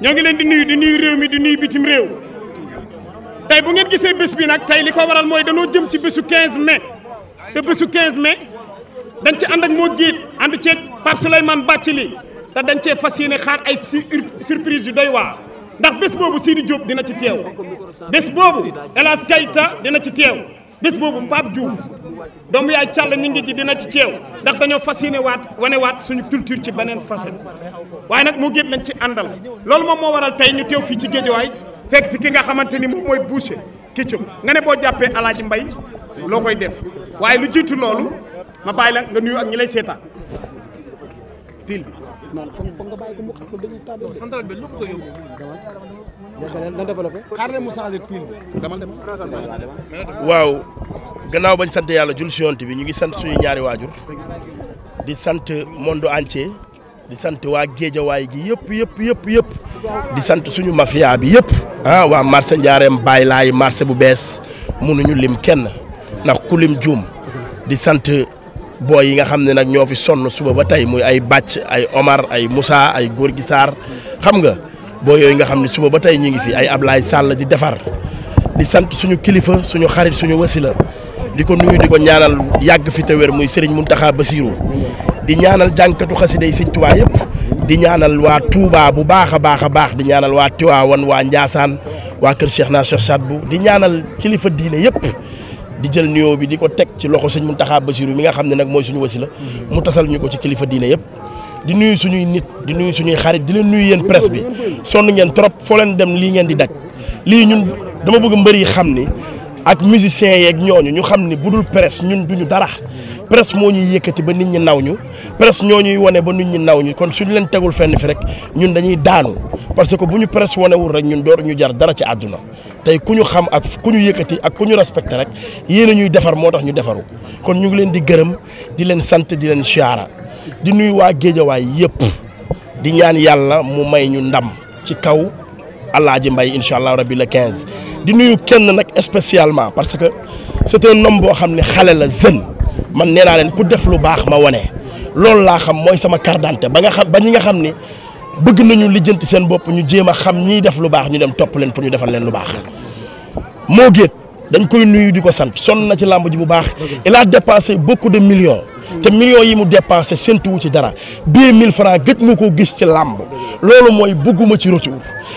ñoo ngi leen di nuyu di nuyu réew mi di nuyu bitim réew tey bu ngeen gisee bés bi nag tey li ko waral mooy danoo jëm ci bésu 15 mai te bésu 15 mai dañ ci ànd ak moo géet ànd ceeg Pape Souleymane Bathily te dañ cee fas yéene xaar ay surprise yu doy waa ndax bés boobu Sidi Diop dina ci teew bés boobu El Hadj Kayta dina ci teew bis boobu Pape Diouf doomu yaay càll ñi ngi ji dina ci teew ndax dañoo fas yéene waat wanewaat suñu culture ci beneen façon waaye nag mu géet lañ ci àndal loolu moom moo waral tey ñu teew fii ci géejawaay fekk fi ki nga xamante ni moom mooy Boucher Ketchup nga ne boo jàppee alaaji mbay loo koy def waaye lu jiitu loolu ma bàyyi la nga nuyu ak ñi lay seetaan non bi ñëpp waaw gannaaw bañ sant yàlla jul si yonent bi ñu ngi sant suñu ñaari waajur di sant monde entier di sant waa géejawaay gi yëpp yëpp yëpp yëpp di sant suñu mafia bi yëpp ah waa marché njaareem bàyyi laay bu bees mënuñu lim kenn ndax ku lim juum di sant boo yi nga xam ne nag ñoo fi sonn suba ba tey muy ay bàcc ay Omar ay Moussa ay Gorgui Sarr xam nga booy yooyu nga xam ne suba ba tey ñu ngi fi ay Ablaye Sall di defar di sant suñu kilifa suñu xarit suñu wasila di ko nuyu di ko ñaanal yàgg fi te wér muy Serigne Mountakha Bassirou di ñaanal jànkatu xasida yi Serigne Touba yëpp di ñaanal waa Touba bu baax a baax a baax di ñaanal waa Tiwaawan waa Njaasaan waa kër Cheikh naa Cheikh Sadbou di ñaanal kilifa diine yëpp di jël nuyoo bi di ko teg ci loxo mu sëñ Muntaxa Basiru mi nga xam ne nag mooy suñu wasila mhm. mu tasal ñu ko ci kilifa diine yëpp di nuyu suñuy nit di nuyu suñuy xarit di leen nuyu yéen presse bi sonn ngeen trop foo leen dem lii ngeen di daj lii ñun dama bëgg mbër yi xam ni ak musiciens yeeg ñooñu ñu xam ni bu dul presse ñun ñu dara presse moo ñuy yëkkati ba nit ñi naw ñu presse ñoo ñuy wane ba nit ñi naw ñu kon suñu leen tegul fenn fi rek ñun dañuy daanu parce que bu ñu presse wanewul rek ñun door ñu jar dara ci àdduna tey ku ñu xam ak ku ñu yëkkati ak ku ñu respecté rek yéen a ñuy defar moo tax ñu defaru kon ñu ngi leen di gërëm di leen sant di leen siyaara di nuyu waa géejawaay yëpp di ñaan yàlla mu may ñu ndam ci kaw Alaaji Mbay incha allah rabi le 15 di nuyu kenn nag spécialement parce que c'est un homme boo xam ne xale la jeune man nee naa leen ku def lu baax ma wane loolu laa xam mooy sama carte d'identité ba nga xam ba ñi nga xam ni bëgg nañu lijjanti seen bopp ñu jéem a xam ñiy def lu baax ñu dem topp leen pour ñu defal leen lu baax moo géet dañ koy nuyu di ko sant sonn na ci làmb ji bu baax il a dépensé beaucoup de million te million yi mu dépensé sentuwu ci dara deux mille francs gët mu ko gis ci làmb loolu mooy bëgguma ci retour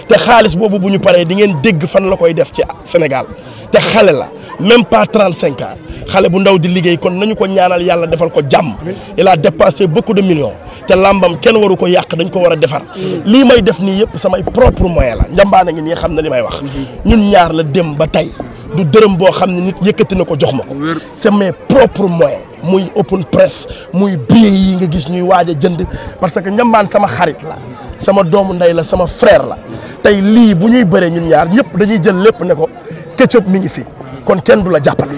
te xaalis boobu bu ñu paree di ngeen dégg fan la koy def ci Sénégal te xale la même pas trente cinq ans xale bu ndaw di liggéey kon nañu ko ñaanal yàlla defal ko jàmm il a dépensé beaucoup de million te làmbam kenn waru ko yàq dañ ko war a defar lii may def nii yëpp samay propre moyen la njambaane ngi nii xam na li may wax ñun ñaar la dem ba tey du dërëm boo xam ne nit yëkkati na ko jox ma ko c'est mes propres moyens muy open press muy billets yi nga gis ñuy waaj a jënd parce que njambaan sama xarit la sama doomu ndey la sama frère la tey lii bu ñuy bëree ñun ñaar ñëpp dañuy jël lépp ne ko Ketchup mi ngi fi kon kenn du la jàppale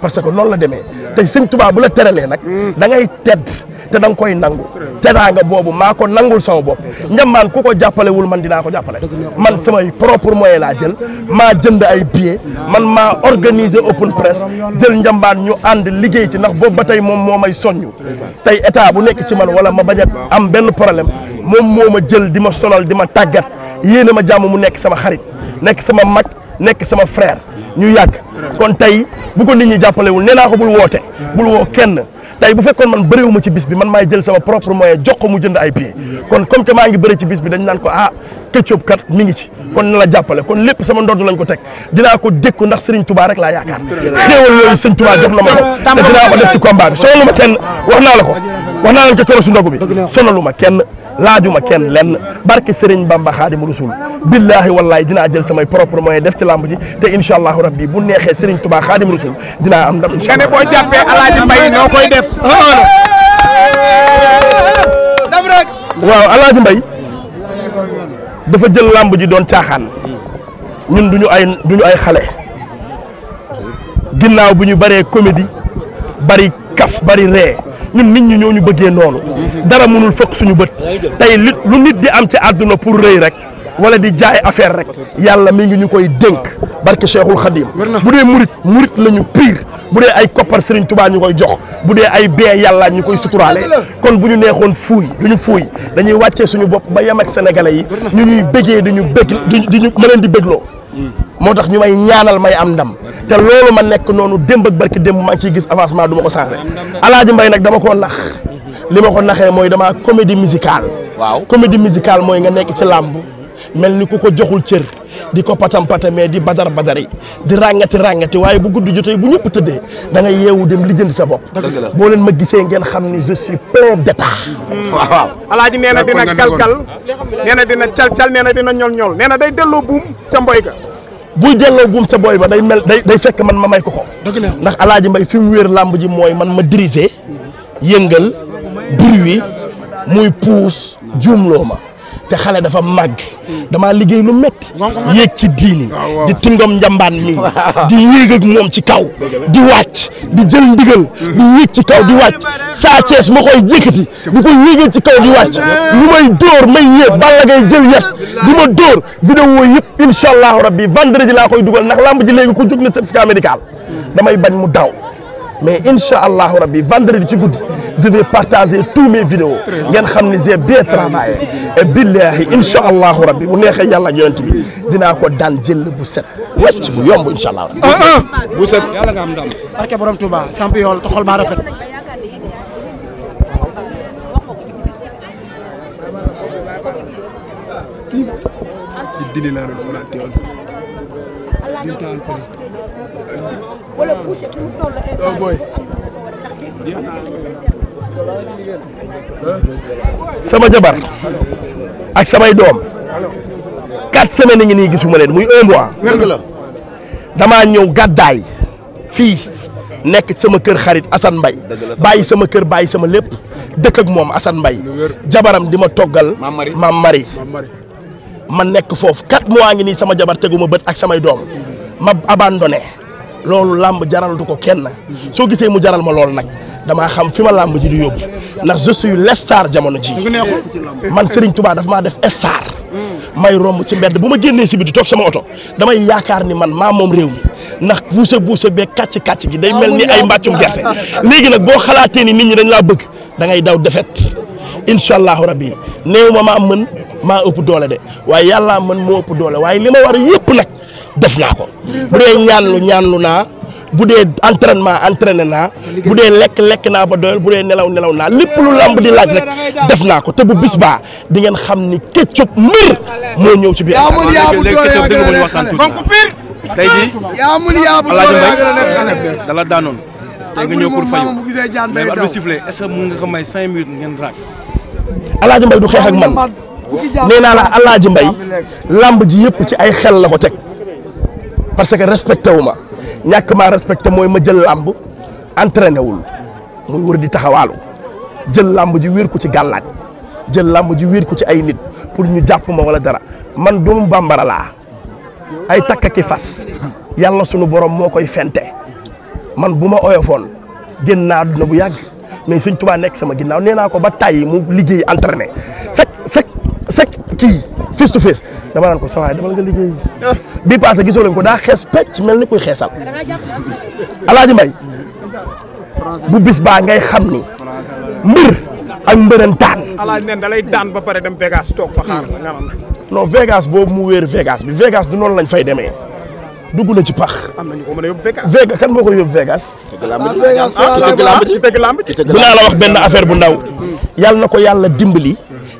parce que noonu la demee tey sëñ Tuubaa bu la teralee nag hmm. da ngay tedd te da nga koy nangu teraanga boobu maa ko nangul sama bopp njambaan ku ko jàppalewul man dinaa ko jàppale man samay propre mooy laa jël maa jënd ay billets man maa organiser open press jël njambaan ñu ànd liggéey ci ndax boobu ba tey moom moo may soññu tey état bu nekk ci man wala ma bañ a am benn problème moom moo ma jël di ma sonal di ma tàggat yéene ma jàmm mu nekk sama xarit nekk sama mag nekk sama frère kon tey bu ko nit ñi jàppalewul nee naa ko bul woote bul woo kenn tey bu fekkoon man bëriwuma ci bis bi man maay jël sama propre moyen jox ko mu jënd ay pieds kon comme maa ngi bëri ci bis bi dañ naan ko ah Ketchup kat mi ngi ci kon na la jàppale kon lépp sama ndodd lañ ko teg dinaa ko dékku ndax Serigne tubaa rek laa yaakaar xéewal yooyu Serigne Touba jox na ma ko te dinaa ko def ci combat bi sonalu ko naa leen ko coro si ndogu bi ma kenn laajuma kenn lenn barke Serigne Bamba Xaadimu Rasul billaahi wallaahi dinaa jël samay propre moyen def ci lamb ji te incha allahu rabbi bu neexee Serigne Touba Xaadimu Rasul dinaa am ndam. incha allah boo jàppee Alaaji Mbay Mbay dafa jël làmb ji doon caaxaan ñun duñu ay ay xale ginnaaw bu ñu bëree comédie bari kaf bari ree ñun nit ñi ñoo ñu bëggee noonu dara mënul fëkk suñu bët tey li lu nit di am ci àdduna pour rëy rek wala di jaay affaire rek yàlla mi ngi ñu koy dénk barke Cheikhul Khadim bu dee murit murit la ñu pire bu dee ay koppar Serigne Touba ñu koy jox bu dee ay bee yàlla ñu koy suturaale kon bu ñu neexoon fuuy du ñu fuuy dañuy wàccee suñu bopp ba yem ak sénégalais yi ñu ñuy bëggee di ñu bëgg di ñu ma leen di bëggloo moo tax ñu may ñaanal may am ndam te loolu ma nekk noonu démb ak barki démb maa ngi ciy gis avancement du ma ko changé alaaji mbay nag dama koo nax li ma ko naxee mooy damaa comédie musicale waaw comédie musicale mooy nga nekk ci làmb mel ni ku ko joxul cër di ko patam patamee di badar badari di ràngati ràngati waaye bu guddi jotee bu ñëpp tëddee da nga yeewu dem lijjanti sa bopp. boo leen ma gisee ngeen xam ni je suis plein d'état. Hmm. waaw alaaji nee na dina kalkal nee na dina calcal nee na dina ñol ñol nee na day delloo buum ca mboy ga buy delloo buum sa booy ba day mel day day fekk man ma may ko ko. ndax alaaji may fi mu wéer làmb ji mooy man ma diriger yëngal bruit muy puus juumloo ma. te xale dafa màgg dama liggéey lu métti yéeg ci diini di tungam njambaan mi di yéeg ak moom ci kaw di wàcc di jël ndigal di yéeg ci kaw di wàcc Sa Thiès ma koy yëkkati di ko yéegal ci kaw di wàcc lu may dóor may yéeg Balla Gaye jël yat di ma dóor vidéo yëpp incha allahu rabbi vendredi laa koy dugal ndax lamb ji léegi ku jug na certificat médical damay bañ mu daw mais incha allahu rabbi vendredi ci guddi je vais partager tous mes vidéos ngeen xam ni j'ai bien travaillé et billahi incha allahu rabbi bu neexee yàlla ak yonent bi ko daan jël bu set wecc bu yomb incha allahu rabbi ah, ah. bu set yàlla am ndam samp yool te xol baa wala oh, boucher sama jabar ak samay doom quatre semaines ngi nii gisuma leen muy un mois. dëgg la damaa ñëw gàddaay fii nekk sama kër xarit Assane Mbaye bàyyi sama kër bàyyi sama lépp dëkk ak moom Assane Mbaye jabaram di ma toggal. maam mari ma nekk foofu quatre mois ngi nii sama jabar ma bët ak samay doom ma abandonné. loolu làmb jaral du ko kenn soo gisee mu jaral ma loolu nag damaa xam fi ma làmb ji di yóbbu ndax je suis l'estar jamono ji man Serigne Touba dafa maa def star may romb ci mbedd bu ma génnee si biti toog sama oto damay yaakaar ni man maa moom réew mi ndax buuse buuse bee kàcc kàcc gi day mel ni ay mbàccum gerte léegi nag boo xalaatee ni nit ñi dañ laa bëgg da ngay daw defet incha allahu rabbi néew ma maa mën maa ëpp doole de waaye yàllaa mën moo ëpp li ma war a yëpp def naa ko bu dee ñaanlu ñaanlu naa bu dee entraînement entraîné naa bu dee lekk lekk naa ba doyal bu dee nelaw nelaw naa lépp lu lamb di laaj rek def naa ko te bu bis baa di ngeen xam ni Ketchup mbir moo ñëw ci biir. tey jii alaaji dala daanoon tey nga ñëw pour fayu mais bu at bi sifflé est ce que nga ko may cinq minutes ngeen raak. alaaji mbay du xeex ak man nee naa la alaaji mbay làmb ji yëpp ci ay xel la ko teg. parce que respecté wu ma ñàkk maa respecté mooy ma jël làmb entraîné wul muy wër di taxawaalu jël làmb ji wéer ko ci gàllaaj jël làmb ji wéer ko ci ay nit pour ñu jàpp ma wala dara man doomu bambara laa ay takk ki fas yàlla sunu borom moo koy fente man bu ma oyofoon génn naa na bu yàgg mais Sëñ Tuubaa nekk sama ginnaaw nee naa ko ba tàyyi mu liggéey entraîné chaque chaque chaque kii face to face dama naan ko sa waay dama la nga liggéey bii passé gisoo leen ko daa xees pecc mel ni kuy xeesal alaaji mbay bu bis baa ngay xam ni mbër ak mbërëntaan alaaji nen da lay daan ba pare dem Vegas toog fa xaar non boobu mu wéer Vegas bi Vegas du noonu lañ fay demee dugg na ci pax. am na ñu ko mën a yóbbu Vegas. Vegas kan moo koy yóbbu Vegas. dëgg laa ah, la wax benn affaire bu ndaw. Hmm. yàlla na ko yàlla dimbali.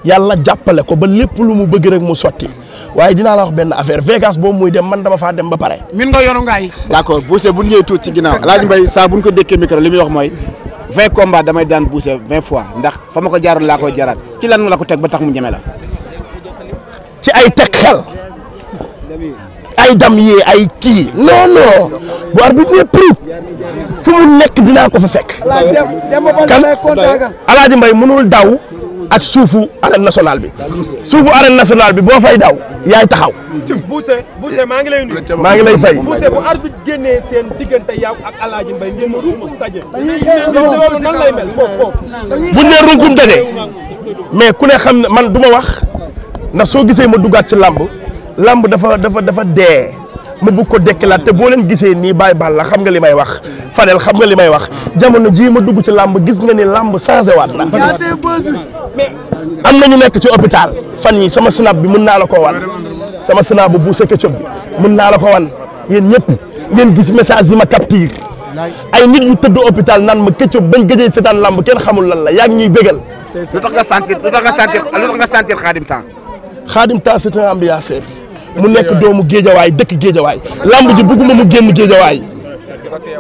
yàlla jàppale ko ba lépp lu mu bëgg rek mu sotti waaye dinaa la wax benn affaire Vegas boobu muy dem man dama faa dem ba pare. min nga yoonu ngaay. d'accord Boucher bu ñu ñëwee tuuti ci ginnaaw El Hadj Mbaye saa bu ñu ko dékkee micro li muy wax mooy vingt combats damay daan Boucher vingt fois ndax fa ma ko jaaroon laa ko jaaraat ci lan la ko teg ba tax mu ñeme la. ci ay teg xel. ay dam yee ay kii non non bu arbitre prix fu mu nekk dinaa ko fa fekk. mbay Alaaji Mbaye daw. ak suufu arène nationale bi suufu arène nationale bi boo fay daw yaay taxaw. Bousse Bousse maa ngi lay maa ngi lay fay Bousse bu arbitre génnee seen diggante yow ak El Hadj Mbaye ngeen runkum daje. loolu nan lay mel foofu foofu. buñ nee mais ku ne xam ne man du ma wax ndax soo gisee ma duggaat ci làmb làmb dafa dafa dafa dee. ma bëgg ko dekkilaat te boo leen gisee nii Baye Balla xam nga li may wax Fadel xam nga li may wax jamono jii ma dugg ci làmb gis nga ni làmb changé waat na am na ñu nekk ci hôpital fan yi sama snap bi mën naa la ko wan sama snap bu buuse ketchup bi mën naa la ko wan yéen ñëpp ngeen gis message yi ma capture ay nit yu tëdd opital nan ma ketchup bañ gëjee seetaan làmb kenn xamul lan la yaa ñuy bégal. lu tax nga sentir lu tax nga sentir lu tax nga sentir Khadim mu nekk doomu géejawaay dëkk géejawaay lamb ji bëgguma mu génn géejawaay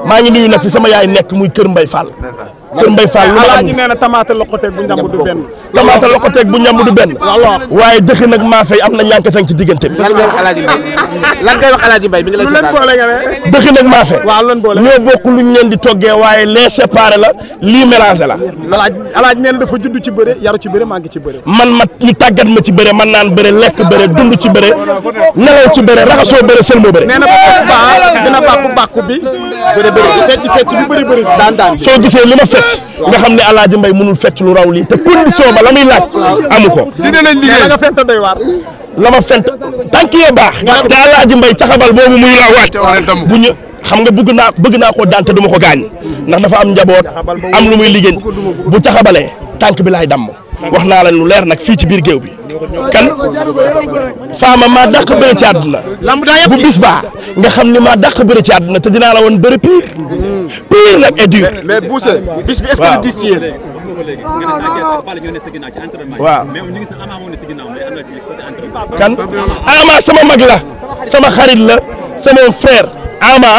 maa ngi nuyu nag fi sama yaay nekk muy kër Mbay faal kër Mbaye Fall lu alaaji nee na tamaate loqoteeg bu njàmb du benn tamaate loqoteeg bu njàmb du benn waaye dëkk nag maase yi am na ñànkatang ci di toggee waaye les séparé la lii mélangé la alaaj alaaji dafa judd ci bëre yaru ci bëre man ma ñu tàggat ma ci bëre man naan bëre lekk bëre dund ci bëre nelaw ci bëre raxasoo bëre sëlmoo bëre nee na ba dina bàkku bàkku bi bëre bëre fecc fecc soo gisee li ma fecc nga xam ne Alaaji Mbay mënul fecc lu raw lii te condition ba la muy laaj amu ko dinañ liggéey nga fent doy waar la ma fent tànk yee baax te Alaaji Mbay caxabal boobu muy laawaat bu ñu xam nga bëgg naa bëgg naa ko daan te duma ko gaañ ndax dafa am njaboot am lu muy liggéey bu caxabalee tànk bi laay damm wax naa la lu leer nag fii ci biir géew bi kan faama maa dàq bëre ci àdduna bu bis baa nga xam ni maa daq bëre ci àdduna te dinaa la woon bëre pire pire nag et dur mais Bousse bis ci yéen kan ama sama mag sama xarit la sama frère ama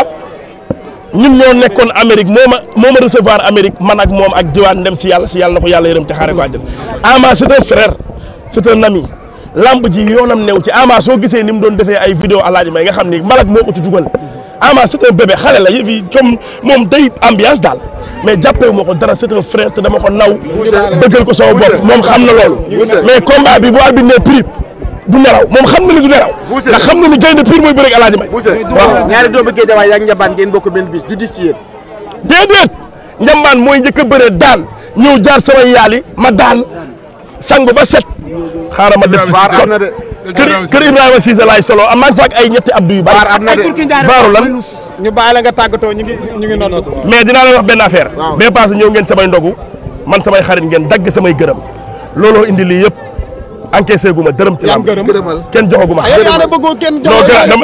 ñun ñoo nekkoon Amérique moo ma moo ma recevoir Amérique man moom ak diwaan dem si yàlla si yàlla na ko yàlla yërëm te ko àjjana Ama c'est un frère c'est un ami lamb ji yoonam new ci Ama soo gisee ni mu doon defee ay vidéo alaaji may nga xam ni malak moo ko ci dugal Ama c'est un bébé xale la yëf yi comme moom day ambiance daal mais jàppee moo ko dara c'est un frère dama ko naw bëggal ko sama bopp moom xam na loolu mais combat bi bu arbitre ne prip du nelaw moom xam na ni du nelaw. ndax xam na ni gaynde pire mooy bëreeg Alaaji Mbay. waaw ñaari doomu géej waaye yaa ngi njambaan mooy njëkk a bëree daan ñëw jaar samay yaali ma daan sangu ba set xaaral ma def kër a Ibrahima Cissé laay solo am maa ngi faak ay ñetti abdu yu bari. baaru lan ñu bàyyi la nga tàggatoo ñu ngi ñu ngi mais dinaa leen wax benn affaire. waaw bee passé ñëw ngeen samay ndogu man samay xarit ngeen dagg samay gërëm looloo indi lii yëpp encaissé gu ma dërëm ci lamb kenn joxagu ma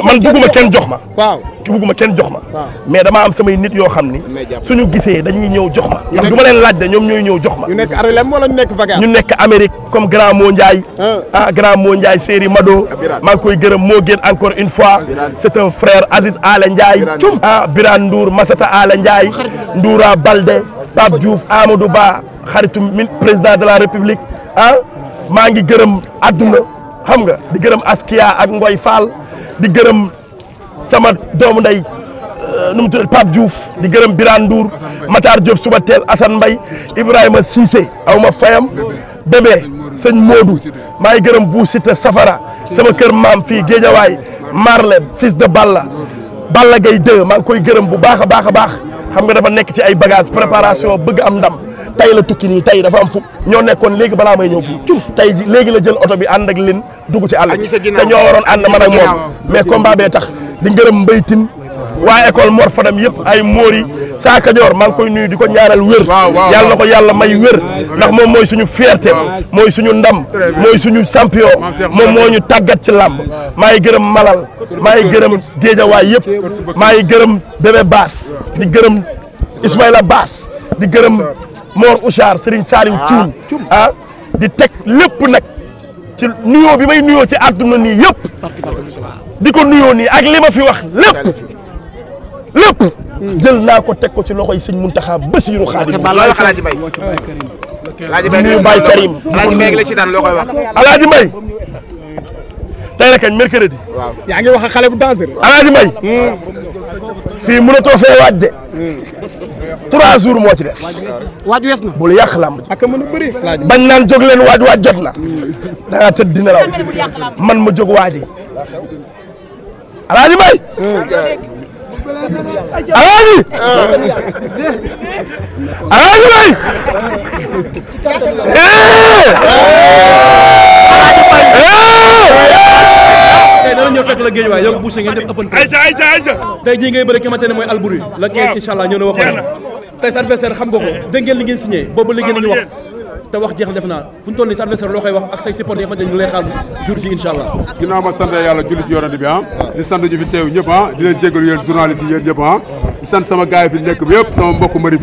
man bëgguma kenn jox ma waaw ki bëgguma kenn jox ma mais damaa am samay nit yoo xam ni su ñu gisee dañuy ñëw jox ma ndax du ma leen laaj de ñoom ñooy ñëw jox ma ñu nekk arlem wala ñu nekk vacances ñu nekk Amérique comme grand moo Ndiaye ah, ah grand moo Ndiaye Séri Mado ah, maa ngi koy gërëm moo gën encore une fois ah, c'est un frère Aziz Ala Ndiaye ah Birane Ndour Massata Ala Ndiaye Ndoura Balde Pape Diouf Amadou Ba xaritu président de la République ah maa ngi gërëm àdduna xam nga di gërëm Askia ak Ngoy Fall di gërëm sama doomu ndey euh, nu mu tudd Pape Diouf di gërëm Birane Ndour Matar Diop suba teel Assane Mbaye Ibrahima Cissé aw ma fayam bébé sëñ Modou maa ngi gërëm bu Cité Safara sama kër maam fii Géejawaay Marle fils de Balla Balla gay 2 maa ngi koy gërëm bu baax a baax a baax xam nga dafa nekk ci ay bagages préparation bëgg am ndam. tay la tukki nii tay dafa am fu ñoo nekkoon léegi balaa may ñëw fii tay ji léegi la jël oto bi ànd ak leen dugg si àll bi te ñoo waroon ànd man ak moom mais combat bee tax di gërëm mbaytin waa école Mor Fadam yëpp ay móor yi saa Kajoor maa ngi koy nuyu di ko ñaanal wér yàlla na ko yàlla may wér ndax moom mooy suñu fierté mooy suñu ndam mooy suñu champion moom moo ñu tàggat ci làmb maa ngi gërëm malal maa ngi gërëm géejawaay yëpp maa ngi gërëm bébé baas di gërëm Ismaïla Baas di gërëm Mor Ouchar Serigne Saliou ah, Thioune ah, di teg lépp nag ci nuyoo bi may nuyoo ci àdduna nii yëpp di ko nuyoo nii ak li ma fi wax lépp lépp jël naa ko teg ko ci loxoy sëñ Muntaxa Basiiru Xaadim nuyu Baye Karim Alaaji Mbay tey la kañ mercredi yaa ngi wax ak xale bu Alaaji Mbay hmm. fii mënatoo fee waaj de trois jours moo ci waaj wees bul yàq làmb ji. ak a mën a bëri bañ naan jóg leen waaj waaj jot na. da ngaa tëdd dina man ma jóg waaj yi. alaaji Mbaye. alaaji. alaaji eh! Eh! Eh! tey dana fekk la géej waaye yow Boucher ngeen def open press. ayca ayca ayca. jii ngay bëri ki ne mooy Albouri. la 15 incha ñëw na waxoon tey sa adversaire xam nga ko dégg ngeen li boobu li ngeen ñu wax te wax jeex na def naa fu ñu toll nii sa adversaire loo koy wax ak say support yi nga xamante ne ñu lay xaar jour ci incha allah ginnaaw ma sant yàlla julli ci yonent bi ah di sant ñu fi teew ñëpp ah di leen jégalu yéen journalistes yi yéen ñëpp ah, ah,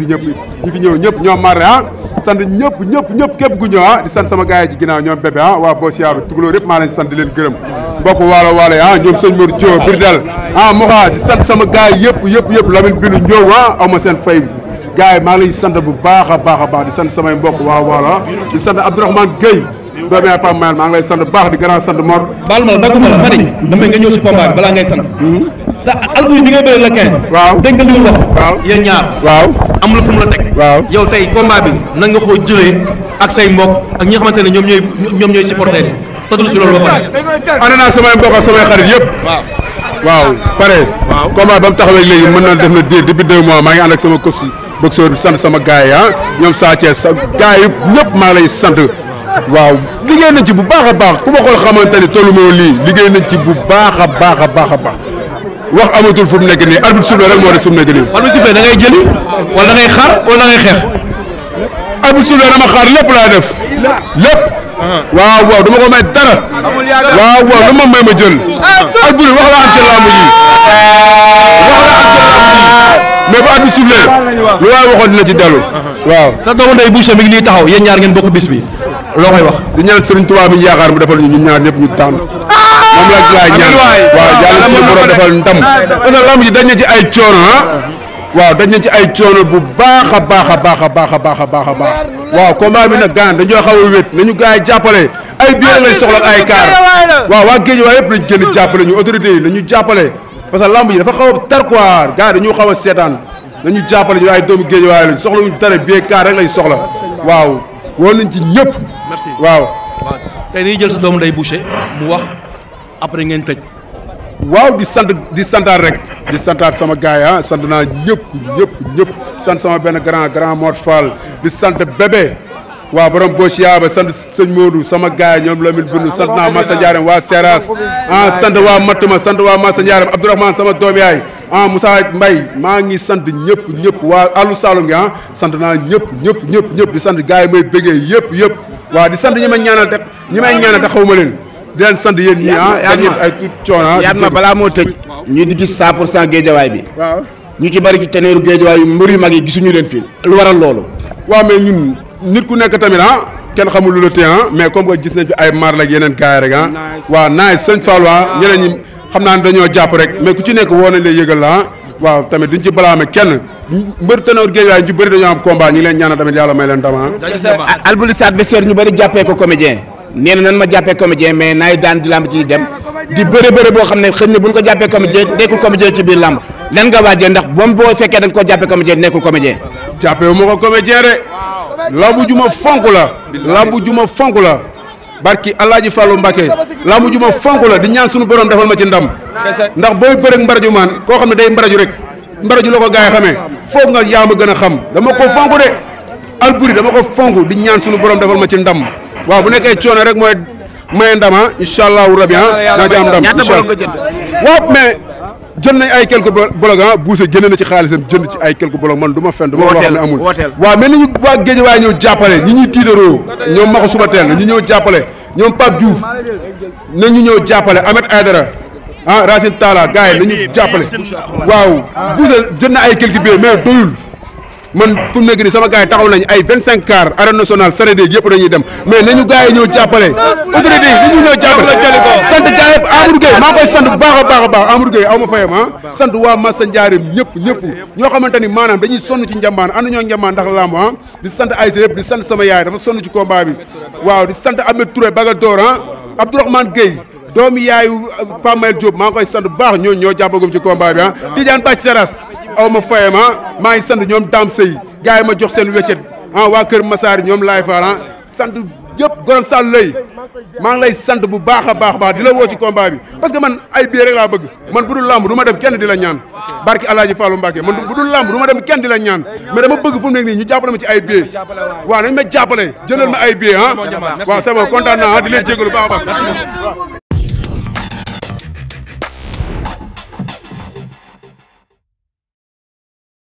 ñëpp ñëpp ñoom marre ah képp gu ñëw ah sama gars yi ci ginnaaw ñoom ah, waa Bosia bi tugaloo yëpp maa leen sant di gërëm mbokk waalo waalo ah ñoom sëñ Mor Dio Birdal ah Moxa di sant sama gars yi yëpp yëpp yëpp Lamine Bindu Ndiow ah aw ma seen fay gars yi maa ngi leen sant bu baax a baax a baax di sant samay mbokk waaw waaw ah. di sant Abdourahmane Gueye doomu yaay Pape Mayel maa ngi lay sant bu baax di grand sant Mor. baal ma la daggu ma la mani damay nga ñëw si combat bi ngay sant. Hmm? sa albuy bi ngay la 15. waaw dégg nga li mu wax. waaw yéen am la fu mu la teg. waaw yow tey bi nan nga koo jëlee ak say mbokk ak ñi nga xamante ne ñoom ñooy ñoom ñooy supporter yi tëddul si loolu ba pare. ànd naa samay mbokk ak samay xarit yëpp. waaw waaw pare. waaw combat ba mu taxawee léegi mën na def na diir depuis deux mois maa ngi ànd ak sama coach yi boxeur bi sant sama gaa yi ah ñoom Sa Thiès sa gars yi ñëpp maa lay sant waaw liggéey nañ ci bu baax a baax ku ma xool xamante ni tollu moo lii liggéey nañ ci bu baax a baax a baax a baax wax amatul fu mu nekk nii arbitre soufflé rek moo des fu mu nekk nii. arbitre soufflé da ngay jëli wala da ngay xeex. arbitre soufflé dama xaar lépp laa def lépp. waaw waaw dama ko may dara. waaw waaw lu ma may ma jël. Ah, arbitre wax la am ci làmb am ci mais bu àdd suuflee lu waaye waxoon dina ci dellu waaw sa doomu ndey Boucher mi ngi nii taxaw yéen ñaar ngeen bokk bis bi loo koy wax di ñaan Serigne Touba mi ñu yaakaar bu defal ñu ñun ñaar ñëpp ñu tànn moom la laay ñaan waaw yàlla suñu borom defal ndam parce que ji dañ na ci ay coono ah waaw dañ na ci ay coono bu baax a baax a baax a baax a baax a baax a baax waaw combat bi na gaan dañoo xaw a wét nañu gaa yi jàppale ay biir lañ soxla ak ay kaar waaw waa géej waaye yëpp lañ génn jàppale ñu autorité yi nañu jàppale parce que làmb yi dafa xaw a tar quoi gars yi dañu xaw a seetaan dañu jàppale ñu ay doomu géej waaye lañ soxla wuñ dara bee kaar rek lañ soxla waaw woon nañ ci ñëpp. merci waaw. waaw tey jël sa doomu day Boucher mu wax après ngeen tëj. waaw di sant di santaat rek di santaat sama gars yi ah sant naa ñëpp ñëpp ñëpp sant sama benn grand grand Mor di sant bébé. waa borom Bochiaba sant sëñ Modou sama gaay ñoom Lamine Bund sant naa Massa Ndiarème waa Seras ah sant waa matt ma sant waa Massa Ndiarème Abdourahmane sama doom yaay ah Moussa Mbaye maa ngi sant ñëpp ñëpp waa àllu Saloum gi ah, sant naa ñëpp ñëpp ñëpp ñëpp di sant gaay yi may bëggee yëpp yëpp waa di sant ñi may ñaanal te ñi may ñaanal te xaw ma leen di leen sant yéen ñi ah ay coono ah, yaat ma balaa moo tëj ñu di gis 100 pour cent géejawaay bi waaw ñu ci bari ci teneeru géejawaay yu mbër yu mag yi gisuñu leen fii waral loolu nit ku nekk tamit ah kenn xamul lu la téye ah. ah. naa ne dañoo jàpp rek mais ku woo nañ lay yëgal la ah. waaw tamit duñ ci balaame kenn mbër Tanor Gueye waaye ñu bëri dañoo am combat ñu ngi leen ñaanal tamit yàlla may leen ndam ah. Alboury sa adversaire ñu bëri jàppee ko comédien nee nekkul comédien ci biir làmb lan nga waajee ndax boom boo fekkee da ko jàppee comédien nekkul comédien jàppee wu ko comédien rek lambu ju ma fonk la lambu ju ma fonk la barki Alaaji Fàllu Mbàkke lambu ju ma fonk la di ñaan suñu borom defal ma ci ndam ndax booy bërëg mbaraju maan koo xam ne day mbaraju rek mbaraju la ko gaay xamee foog nga yaa a gën a xam dama ko fonk de Alboury dama ko fonk di ñaan suñu borom defal ma ci ndam waa bu nekkee coono rek mooy maye ndama ah, incha allahu rabi ah naa ci am ndam waaw mais jën nañ ay quelques blocs ah buuse génne na ci xaalisam jënd ci ay quelques blocs man du ma fen du ma wax ne amul waaw mais nañu waa géej waaye ñëw jàppale ñi ñuy tiidaroo ñoom mako suba teel ñu ñëw jàppale ñoom Pape Diouf nañu ñëw jàppale Ahmed Aidara ah Racine Talla gars yi nañu jàppale waaw buuse jën na ay quelques billets mais doyul man fu mu nekk nii sama gars taxaw nañ ay vingt cinq car arène nationale sarede yëpp dañuy dem mais nañu gars yi ñëw jàppale autorité yi nañu ñëw jàppale sant gars yëpp Amadou maa koy sant bu baax a baax a baax Amadou Gueye aw ma fayam ah sant waa Massa Ndiarème ñëpp ñëpp ñoo xamante ni maanaam dañuy sonn ci njambaan ànd ñoo njambaan ndax lamb ah di sant ay yëpp di sant sama yaay dafa sonn ci combat waaw di sant Ahmed Touré Bagadoor ah Abdourahmane Gueye doomu yaayu Pamayel Diop maa ngi koy sant bu baax ñooñu ñoo jàppagum ci combat bi ah Tidiane Bàcc Seras aw ma fayam ah. maa ngi sant ñoom Dame Seye gars yi ma jox seen weccet ah waa Kër Massaar ñoom laay faal ah sant yëpp gorom Sall lay maa ngi lay sant bu baax a baax baax di la woo ci combat bi parce que man ay biir rek laa bëgg man bu dul làmb du ma dem kenn di la ñaan barki Alaaji Fallou Mbacke man bu dul làmb du ma dem kenn di la ñaan mais dama bëgg fu mu nekk nii ñu jàppale ma ci ay biir waaw nañ ma jàppale jëlal ma ay biir ah waaw c'est bon ah. di leen jégalu